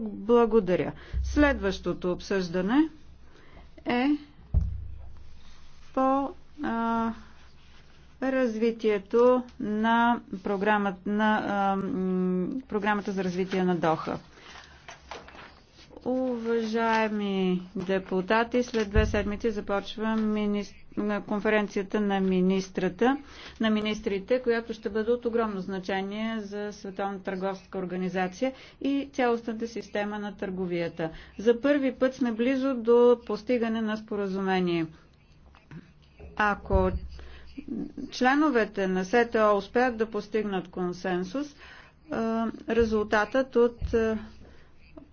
Благодаря. Следващото обсъждане е по а, развитието на програмат, на, а, програмата за развитие на Доха. Уважаеми депутати, след две седмици започва конференцията на министрата, на министрите, която ще бъде от огромно значение за Световна търговска организация и цялостната система на търговията. За първи път сме близо до постигане на споразумение. Ако членовете на СТО успеят да постигнат консенсус, резултатът от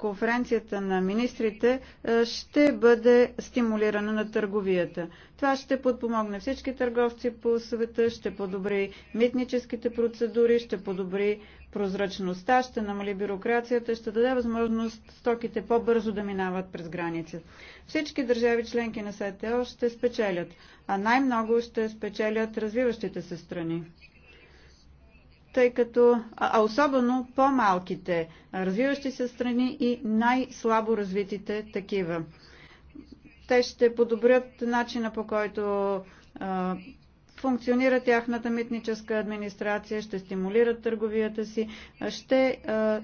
конференцията на министрите е, ще бъде стимулирана на търговията. Това ще подпомогне всички търговци по света, ще подобри митническите процедури, ще подобри прозрачността, ще намали бюрокрацията, ще даде възможност стоките по-бързо да минават през граница. Всички държави членки на СТО ще спечелят, а най-много ще спечелят развиващите се страни тъй като, а особено по-малките развиващи се страни и най-слабо развитите такива. Те ще подобрят начина по който функционира тяхната митническа администрация, ще стимулират търговията си, ще а,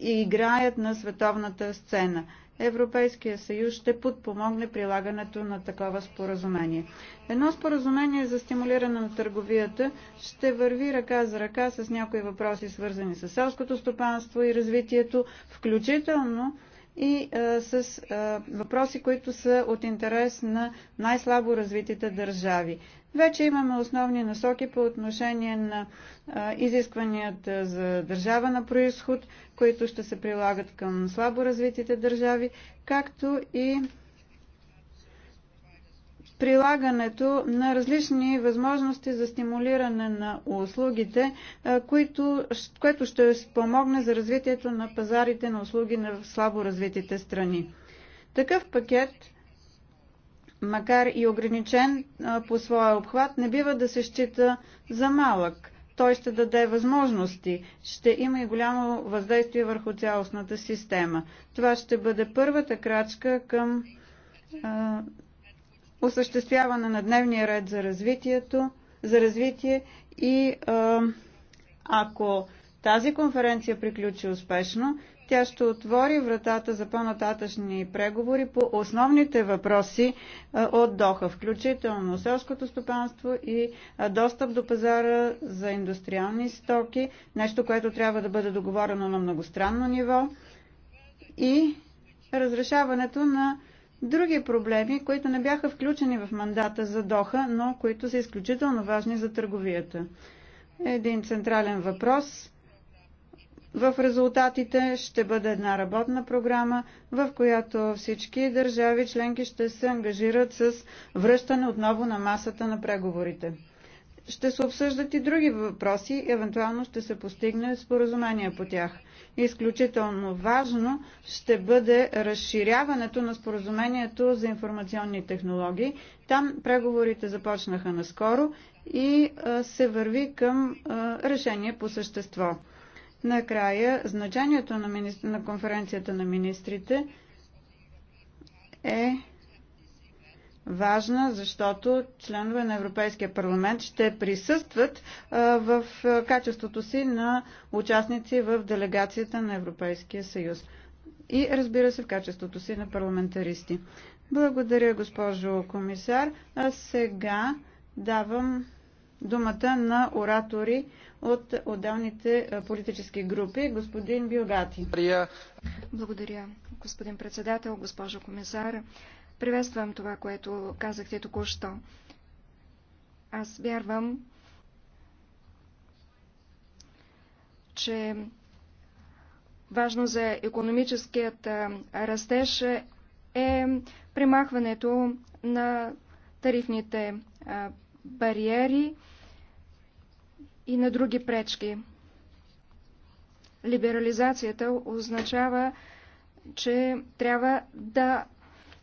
играят на световната сцена. Европейския съюз ще подпомогне прилагането на такова споразумение. Едно споразумение за стимулиране на търговията ще върви ръка за ръка с някои въпроси, свързани с селското стопанство и развитието, включително и а, с а, въпроси, които са от интерес на най-слабо развитите държави. Вече имаме основни насоки по отношение на а, изискванията за държава на происход, които ще се прилагат към слабо развитите държави, както и прилагането на различни възможности за стимулиране на услугите, които, което ще спомогне за развитието на пазарите на услуги на слабо развитите страни. Такъв пакет макар и ограничен по своя обхват, не бива да се счита за малък. Той ще даде възможности, ще има и голямо въздействие върху цялостната система. Това ще бъде първата крачка към осъществяване на дневния ред за, развитието, за развитие и ако тази конференция приключи успешно, тя ще отвори вратата за по-нататъчни преговори по основните въпроси от Доха, включително селското стопанство и достъп до пазара за индустриални стоки, нещо, което трябва да бъде договорено на многостранно ниво и разрешаването на други проблеми, които не бяха включени в мандата за Доха, но които са изключително важни за търговията. Един централен въпрос в резултатите ще бъде една работна програма, в която всички държави членки ще се ангажират с връщане отново на масата на преговорите ще се обсъждат и други въпроси, евентуално ще се постигне споразумение по тях. Изключително важно ще бъде разширяването на споразумението за информационни технологии. Там преговорите започнаха наскоро и се върви към решение по същество. Накрая, значението на, министр... на конференцията на министрите е важна, защото членове на Европейския парламент ще присъстват в качеството си на участници в делегацията на Европейския съюз. И разбира се в качеството си на парламентаристи. Благодаря, госпожо комисар. А сега давам думата на оратори от отделните политически групи. Господин Билгати. Благодаря, господин председател, госпожо комисар. Приветствам това, което казахте току-що. Аз вярвам, че важно за економическият растеж е примахването на тарифните бариери и на други пречки. Либерализацията означава, че трябва да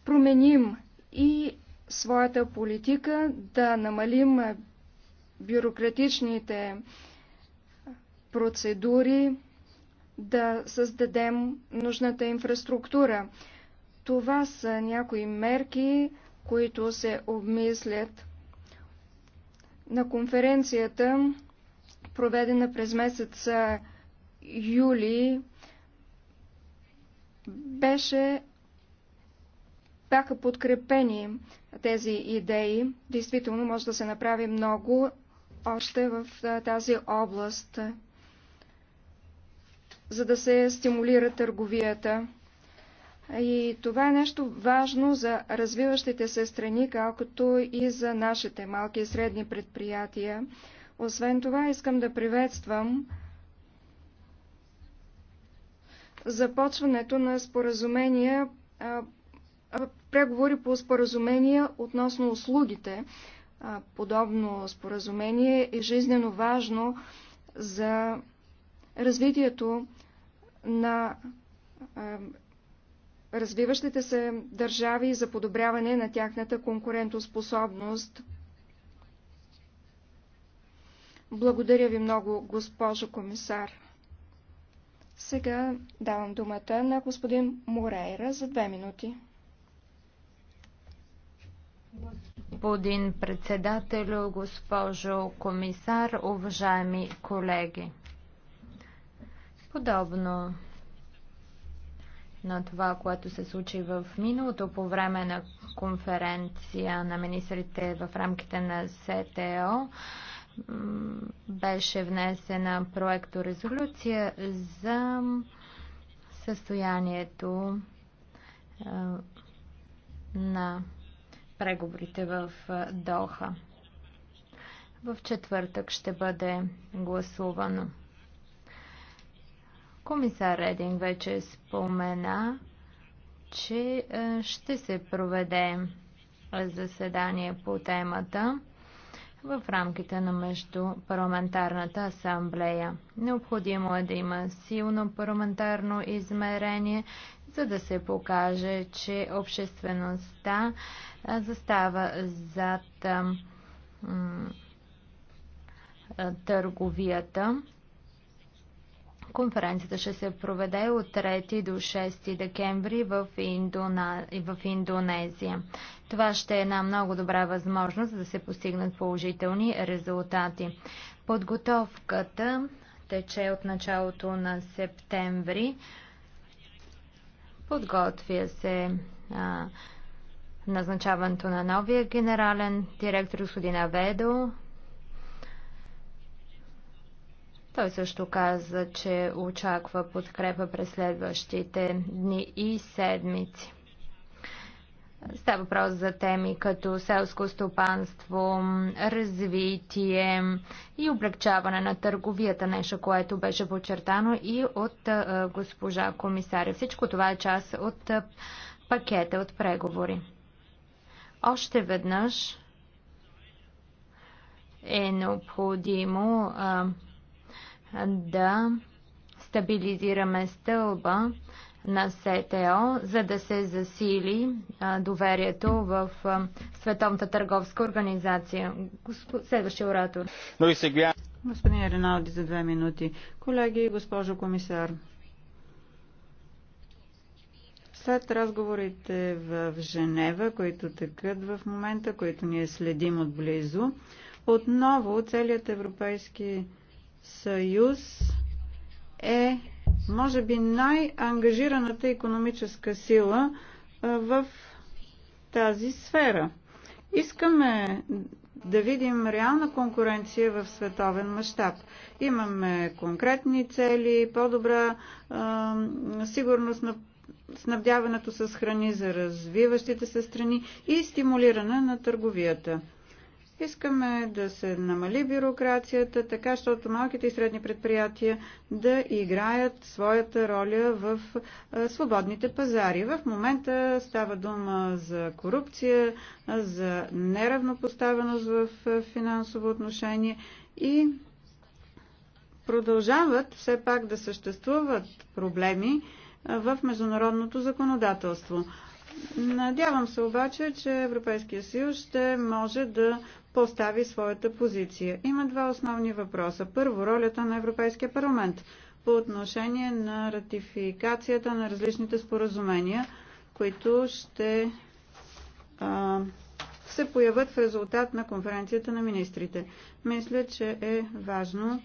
променим и своята политика, да намалим бюрократичните процедури, да създадем нужната инфраструктура. Това са някои мерки, които се обмислят на конференцията, проведена през месеца юли, беше бяха подкрепени тези идеи. Действително може да се направи много още в тази област, за да се стимулира търговията. И това е нещо важно за развиващите се страни, както и за нашите малки и средни предприятия. Освен това, искам да приветствам започването на споразумения преговори по споразумения относно услугите. Подобно споразумение е жизнено важно за развитието на развиващите се държави за подобряване на тяхната конкурентоспособност. Благодаря ви много, госпожо комисар. Сега давам думата на господин Морейра за две минути. Господин председател, госпожо комисар, уважаеми колеги. Подобно на това, което се случи в миналото по време на конференция на министрите в рамките на СТО, беше внесена резолюция за състоянието на преговорите в Доха. В четвъртък ще бъде гласувано. Комисар Рединг вече спомена, че ще се проведе заседание по темата в рамките на Междупарламентарната асамблея. Необходимо е да има силно парламентарно измерение, за да се покаже, че обществеността застава зад търговията. Конференцията ще се проведе от 3 до 6 декември в, Индона... в Индонезия. Това ще е една много добра възможност да се постигнат положителни резултати. Подготовката тече от началото на септември. Подготвя се а, назначаването на новия генерален директор господин Аведо. Той също каза, че очаква подкрепа през следващите дни и седмици. Става въпрос за теми като селско стопанство, развитие и облегчаване на търговията, нещо, което беше подчертано и от госпожа комисаря. Всичко това е част от пакета от преговори. Още веднъж е необходимо а, да стабилизираме стълба на СТО, за да се засили доверието в Световната търговска организация. Следващия оратор. Господин Реналди за две минути. Колеги, госпожо комисар, след разговорите в Женева, които тъкат в момента, които ние следим отблизо, отново целият Европейски съюз е може би най-ангажираната економическа сила в тази сфера. Искаме да видим реална конкуренция в световен мащаб. Имаме конкретни цели, по-добра сигурност на снабдяването с храни за развиващите се страни и стимулиране на търговията. Искаме да се намали бюрокрацията, така, защото малките и средни предприятия да играят своята роля в свободните пазари. В момента става дума за корупция, за неравнопоставеност в финансово отношение и продължават все пак да съществуват проблеми в международното законодателство. Надявам се обаче, че Европейския съюз ще може да постави своята позиция. Има два основни въпроса. Първо, ролята на Европейския парламент по отношение на ратификацията на различните споразумения, които ще а, се появят в резултат на конференцията на министрите. Мисля, че е важно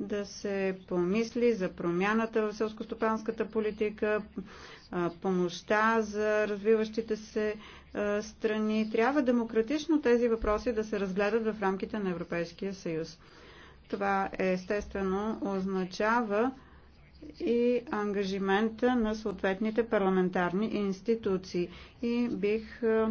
да се помисли за промяната в селскостопанската политика, помощта за развиващите се е, страни. Трябва демократично тези въпроси да се разгледат в рамките на Европейския съюз. Това естествено означава и ангажимента на съответните парламентарни институции. И бих е,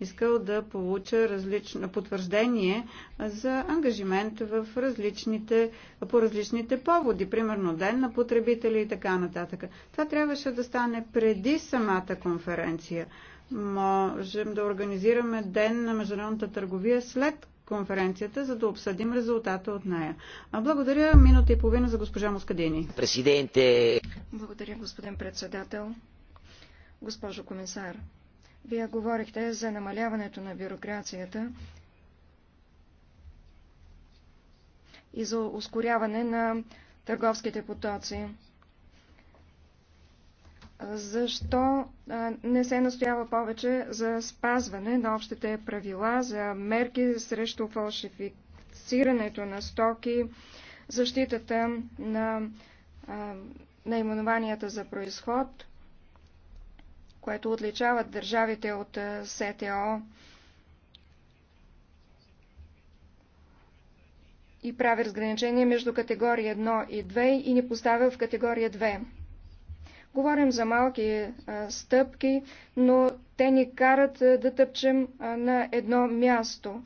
искал да получа различно потвърждение за ангажимент в различните, по различните поводи, примерно ден на потребители и така нататък. Това трябваше да стане преди самата конференция можем да организираме ден на международната търговия след конференцията, за да обсъдим резултата от нея. Благодаря минута и половина за госпожа Москадини. Президенте! Благодаря, господин председател. Госпожо комисар, вие говорихте за намаляването на бюрокрацията и за ускоряване на търговските потоци защо не се настоява повече за спазване на общите правила, за мерки срещу фалшифицирането на стоки, защитата на наименованията за происход, което отличават държавите от СТО и прави разграничение между категория 1 и 2 и ни поставя в категория 2. Говорим за малки а, стъпки, но те ни карат а, да тъпчем а, на едно място.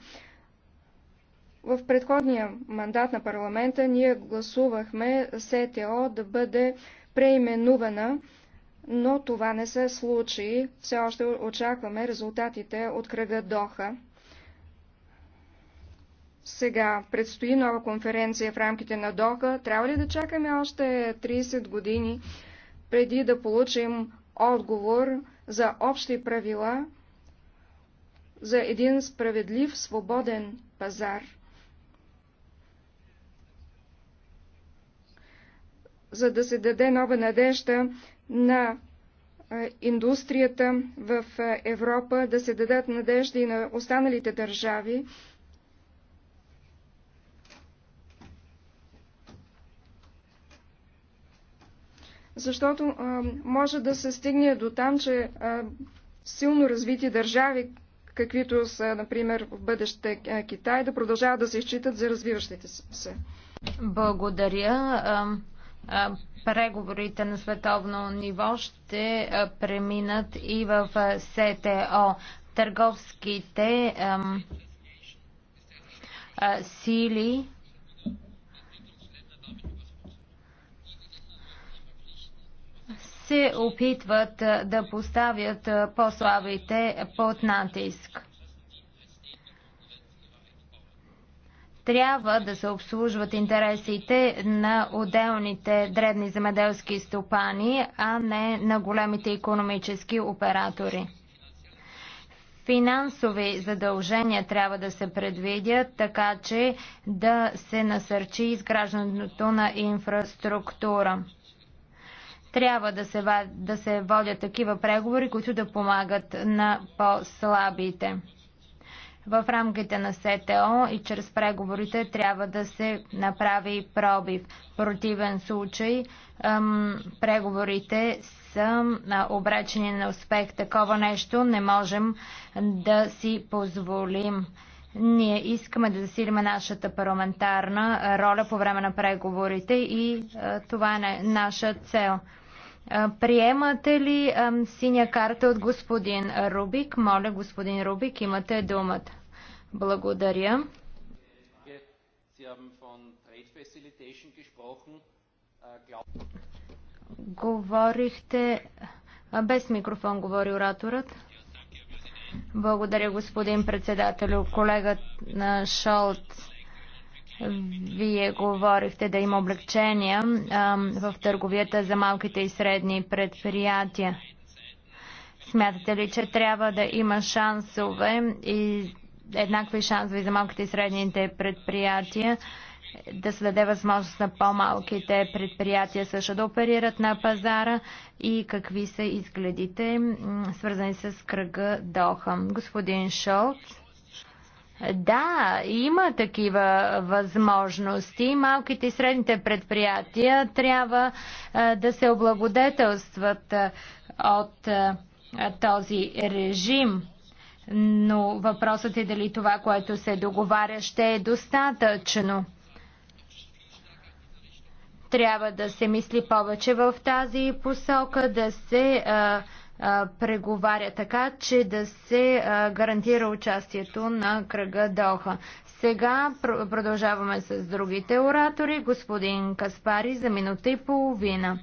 В предходния мандат на парламента ние гласувахме СТО да бъде преименувана, но това не се случи. Все още очакваме резултатите от кръга Доха. Сега предстои нова конференция в рамките на Доха. Трябва ли да чакаме още 30 години? преди да получим отговор за общи правила за един справедлив, свободен пазар. За да се даде нова надежда на индустрията в Европа, да се дадат надежди на останалите държави, защото а, може да се стигне до там, че а, силно развити държави, каквито са, например, в бъдеще Китай, да продължават да се изчитат за развиващите се. Благодаря. Преговорите на световно ниво ще преминат и в СТО. Търговските сили се опитват да поставят по-слабите под натиск. Трябва да се обслужват интересите на отделните дребни земеделски стопани, а не на големите економически оператори. Финансови задължения трябва да се предвидят, така че да се насърчи изграждането на инфраструктура. Трябва да се, да се водят такива преговори, които да помагат на по-слабите. В рамките на СТО и чрез преговорите трябва да се направи пробив. В противен случай ем, преговорите са обречени на успех. Такова нещо не можем да си позволим. Ние искаме да засилиме нашата парламентарна роля по време на преговорите и това е наша цел. Приемате ли синя карта от господин Рубик? Моля, господин Рубик, имате думата. Благодаря. Говорихте... Без микрофон говори ораторът. Благодаря, господин председател, Колега на Шолц вие говорихте да има облегчения в търговията за малките и средни предприятия. Смятате ли, че трябва да има шансове и еднакви шансове за малките и средните предприятия, да се даде възможност на по-малките предприятия също да оперират на пазара и какви са изгледите, свързани с кръга Доха? Господин Шолц. Да, има такива възможности. Малките и средните предприятия трябва да се облагодетелстват от този режим. Но въпросът е дали това, което се договаря, ще е достатъчно. Трябва да се мисли повече в тази посока, да се а, преговаря така, че да се гарантира участието на кръга Доха. Сега продължаваме с другите оратори. Господин Каспари за минута и половина.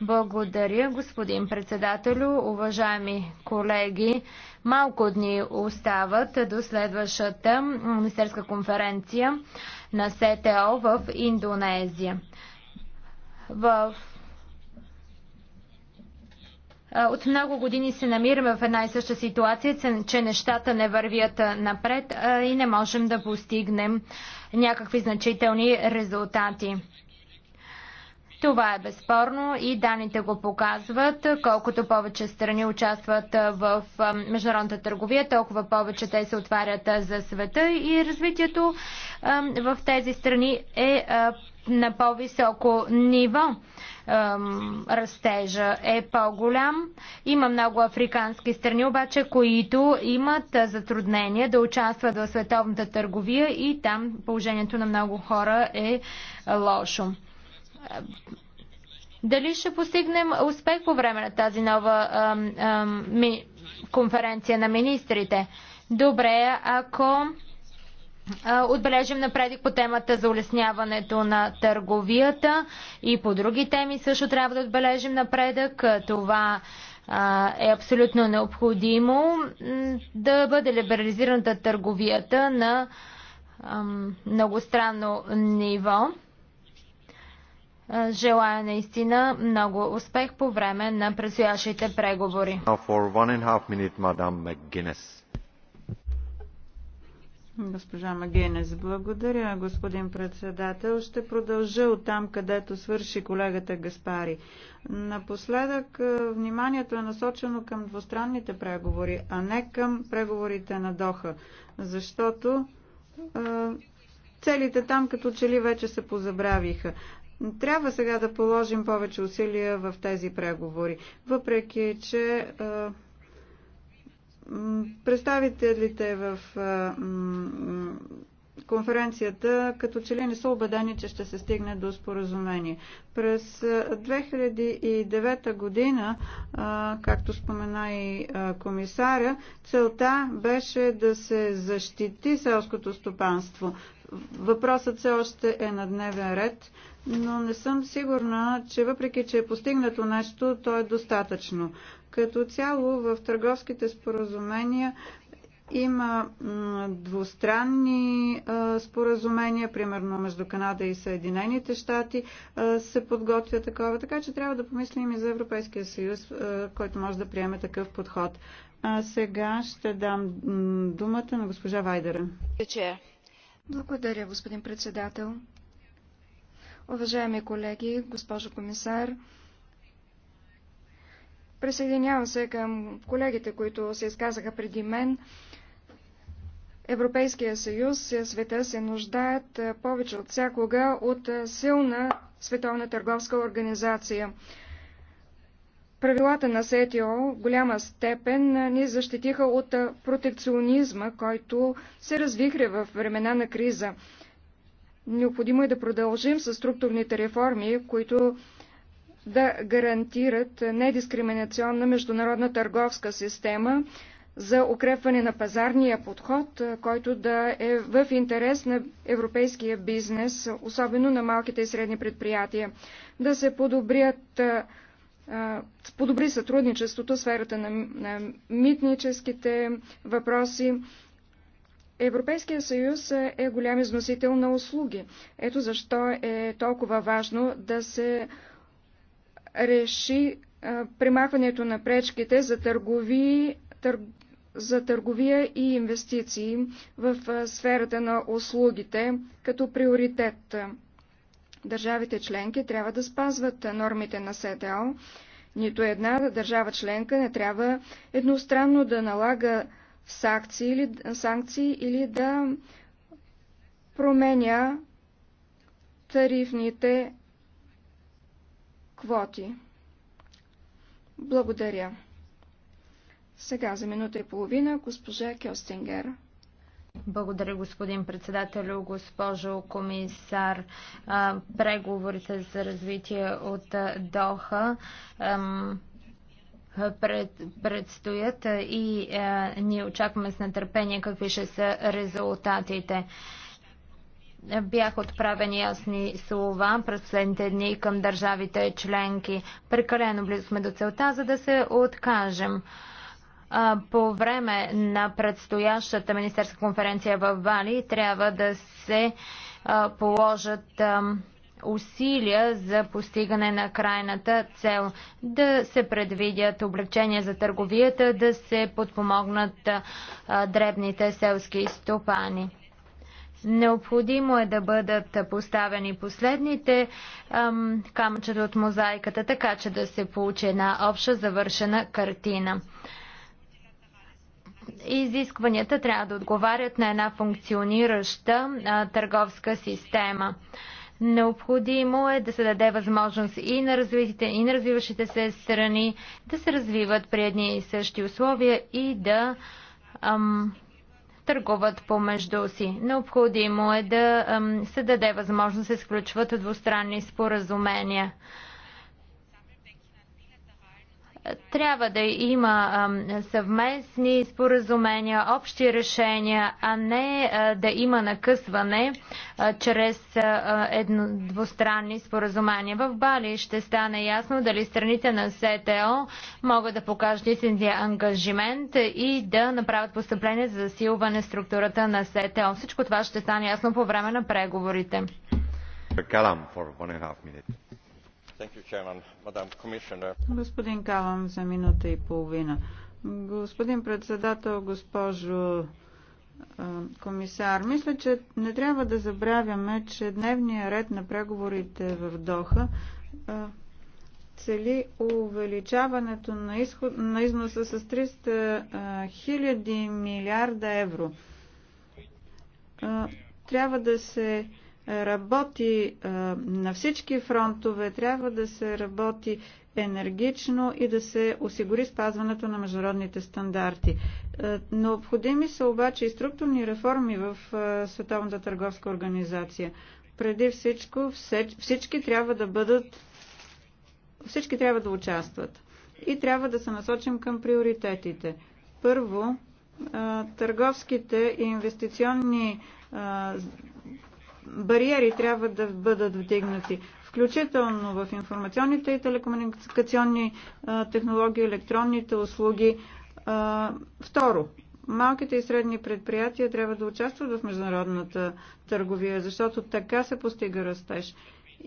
Благодаря, господин председателю, уважаеми колеги. Малко дни остават до следващата министерска конференция на СТО в Индонезия. В от много години се намираме в една и съща ситуация, че нещата не вървят напред и не можем да постигнем някакви значителни резултати. Това е безспорно и данните го показват. Колкото повече страни участват в международната търговия, толкова повече те се отварят за света и развитието в тези страни е на по-високо ниво. Растежа е по-голям. Има много африкански страни, обаче, които имат затруднения да участват в световната търговия и там положението на много хора е лошо. Дали ще постигнем успех по време на тази нова ам, ам, ми, конференция на министрите? Добре, ако отбележим напредък по темата за улесняването на търговията и по други теми също трябва да отбележим напредък. Това е абсолютно необходимо да бъде либерализираната търговията на многостранно ниво. Желая наистина много успех по време на предстоящите преговори. Госпожа Магенес, благодаря, господин председател. Ще продължа от там, където свърши колегата Гаспари. Напоследък е, вниманието е насочено към двустранните преговори, а не към преговорите на Доха, защото е, целите там като че ли вече се позабравиха. Трябва сега да положим повече усилия в тези преговори, въпреки че е, Представителите в конференцията като че ли не са убедени, че ще се стигне до споразумение. През 2009 година, както спомена и комисаря, целта беше да се защити селското стопанство. Въпросът все още е на дневен ред но не съм сигурна, че въпреки, че е постигнато нещо, то е достатъчно. Като цяло в търговските споразумения има двустранни споразумения, примерно между Канада и Съединените щати се подготвя такова, така че трябва да помислим и за Европейския съюз, който може да приеме такъв подход. А сега ще дам думата на госпожа Вайдера. Благодаря, господин председател. Уважаеми колеги, госпожо комисар, присъединявам се към колегите, които се изказаха преди мен. Европейския съюз и света се нуждаят е, повече от всякога от е, силна световна търговска организация. Правилата на СТО в голяма степен е, ни защитиха от протекционизма, който се развихре в времена на криза. Необходимо е да продължим с структурните реформи, които да гарантират недискриминационна международна търговска система за укрепване на пазарния подход, който да е в интерес на европейския бизнес, особено на малките и средни предприятия, да се подобрят подобри сътрудничеството в сферата на, на митническите въпроси, Европейския съюз е голям износител на услуги. Ето защо е толкова важно да се реши примахването на пречките за, търгови, тър, за търговия и инвестиции в сферата на услугите като приоритет. Държавите членки трябва да спазват нормите на СТО. Нито една държава членка не трябва едностранно да налага санкции или, санкции или да променя тарифните квоти. Благодаря. Сега за минута и половина госпожа Кьостингер. Благодаря, господин председател, госпожо комисар. Преговорите за развитие от Доха пред, предстоят и а, ние очакваме с нетърпение какви ще са резултатите. Бях отправени ясни слова през последните дни към държавите членки. Прекалено близо сме до целта, за да се откажем. А, по време на предстоящата министерска конференция в Вали трябва да се а, положат. А, усилия за постигане на крайната цел. Да се предвидят облегчения за търговията, да се подпомогнат дребните селски стопани. Необходимо е да бъдат поставени последните ам, камъчета от мозайката, така че да се получи една обща завършена картина. Изискванията трябва да отговарят на една функционираща а, търговска система. Необходимо е да се даде възможност и на развитите, и на развиващите се страни да се развиват при едни и същи условия и да ам, търгуват помежду си. Необходимо е да ам, се даде възможност да се сключват двустранни споразумения. Трябва да има съвместни споразумения, общи решения, а не да има накъсване чрез едно, двустранни споразумения. В Бали ще стане ясно дали страните на СТО могат да покажат истинния ангажимент и да направят постъпление за засилване структурата на СТО. Всичко това ще стане ясно по време на преговорите. Калам, for one and a half minute. Господин Калам за минута и половина. Господин председател, госпожо комисар, мисля, че не трябва да забравяме, че дневният ред на преговорите в Доха цели увеличаването на, изход, на износа с 300 хиляди милиарда евро. Трябва да се работи е, на всички фронтове, трябва да се работи енергично и да се осигури спазването на международните стандарти. Е, необходими са обаче и структурни реформи в е, Световната търговска организация. Преди всичко всички трябва да бъдат всички трябва да участват и трябва да се насочим към приоритетите. Първо, търговските и инвестиционни бариери трябва да бъдат вдигнати, включително в информационните и телекомуникационни технологии, електронните услуги. Второ, малките и средни предприятия трябва да участват в международната търговия, защото така се постига растеж.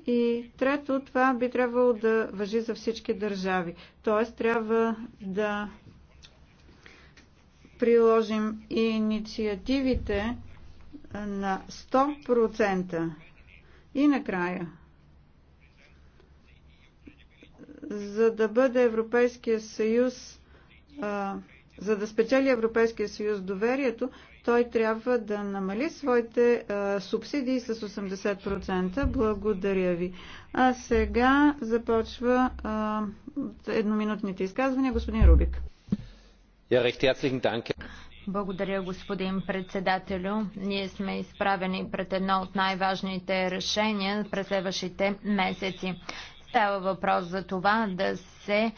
И трето, това би трябвало да въжи за всички държави. Тоест, трябва да приложим и инициативите на 100%. И накрая, за да бъде Европейския съюз, а, за да спечели Европейския съюз доверието, той трябва да намали своите а, субсидии с 80%. Благодаря ви. А сега започва едноминутните изказвания. Господин Рубик. Ja, recht herzlichen Dank. Благодаря, господин председателю. Ние сме изправени пред едно от най-важните решения през следващите месеци. Става въпрос за това да се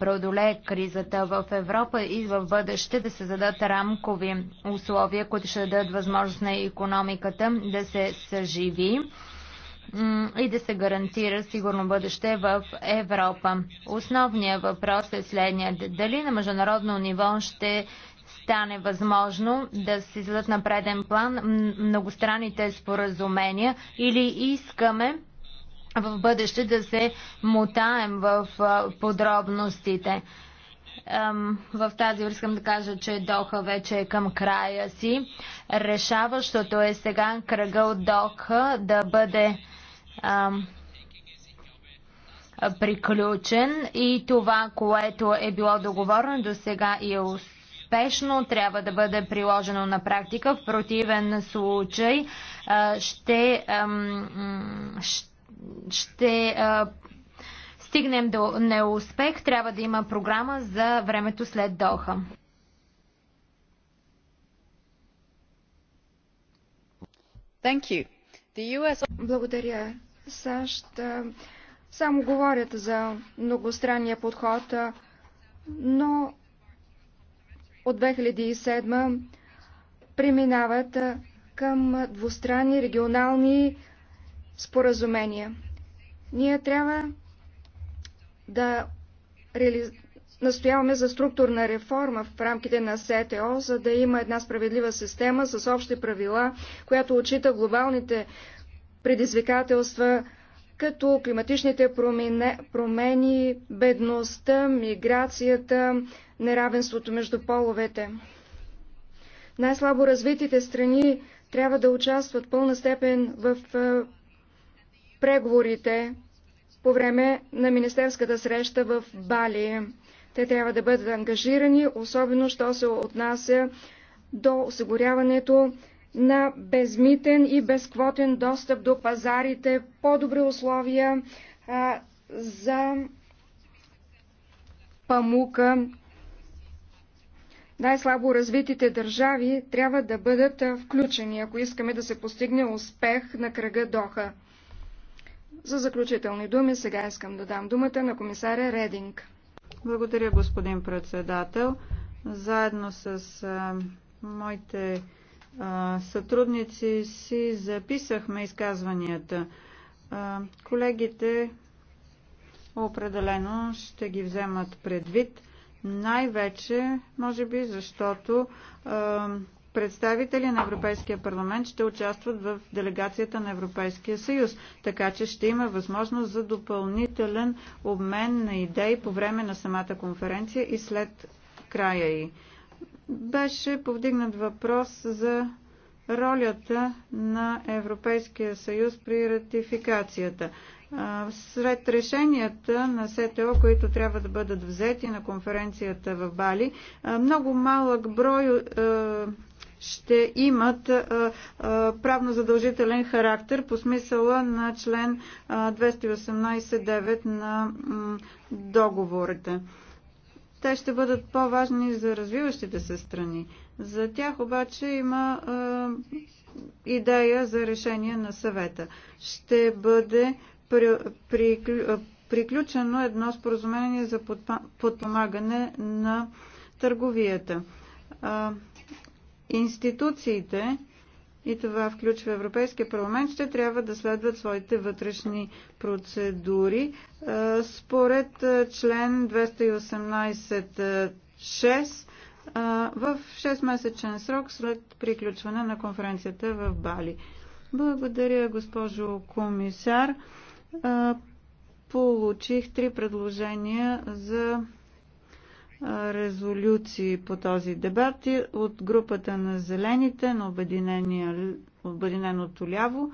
преодолее кризата в Европа и в бъдеще да се зададат рамкови условия, които ще дадат възможност на економиката да се съживи и да се гарантира сигурно бъдеще в Европа. Основният въпрос е следният. Дали на международно ниво ще стане възможно да се зададат на преден план многостранните споразумения или искаме в бъдеще да се мутаем в подробностите. В тази връзка да кажа, че Доха вече е към края си. Решаващото е сега кръга от Доха да бъде ам, приключен и това, което е било договорено до сега и е спешно трябва да бъде приложено на практика. В противен случай ще, ще стигнем до неуспех. Трябва да има програма за времето след Доха. US... Благодаря. САЩ само говорят за многостранния подход, но от 2007 преминават към двустранни регионални споразумения. Ние трябва да настояваме за структурна реформа в рамките на СТО, за да има една справедлива система с общи правила, която отчита глобалните предизвикателства като климатичните промени, бедността, миграцията, неравенството между половете. Най-слабо развитите страни трябва да участват пълна степен в е, преговорите по време на министерската среща в Бали. Те трябва да бъдат ангажирани, особено що се отнася до осигуряването на безмитен и безквотен достъп до пазарите, по-добри условия а, за памука. Най-слабо развитите държави трябва да бъдат включени, ако искаме да се постигне успех на кръга Доха. За заключителни думи сега искам да дам думата на комисаря Рединг. Благодаря, господин председател. Заедно с а, моите сътрудници си записахме изказванията. Колегите определено ще ги вземат предвид, най-вече, може би, защото представители на Европейския парламент ще участват в делегацията на Европейския съюз, така че ще има възможност за допълнителен обмен на идеи по време на самата конференция и след края й. Беше повдигнат въпрос за ролята на Европейския съюз при ратификацията. Сред решенията на СТО, които трябва да бъдат взети на конференцията в Бали, много малък брой ще имат правно задължителен характер по смисъла на член 218.9 на договорите. Те ще бъдат по-важни за развиващите се страни. За тях обаче има е, идея за решение на съвета. Ще бъде при, при, е, приключено едно споразумение за подпомагане на търговията. Е, институциите и това включва Европейския парламент, ще трябва да следват своите вътрешни процедури. Според член 218.6 в 6-месечен срок след приключване на конференцията в Бали. Благодаря, госпожо комисар. Получих три предложения за резолюции по този дебат от групата на зелените, на Обединеното ляво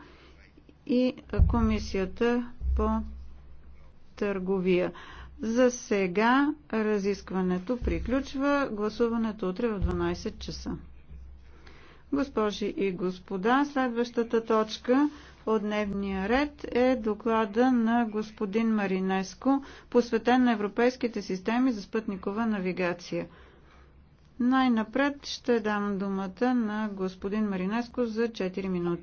и комисията по търговия. За сега разискването приключва. Гласуването утре в 12 часа. Госпожи и господа, следващата точка от дневния ред е доклада на господин Маринеско, посветен на европейските системи за спътникова навигация. Най-напред ще дам думата на господин Маринеско за 4 минути.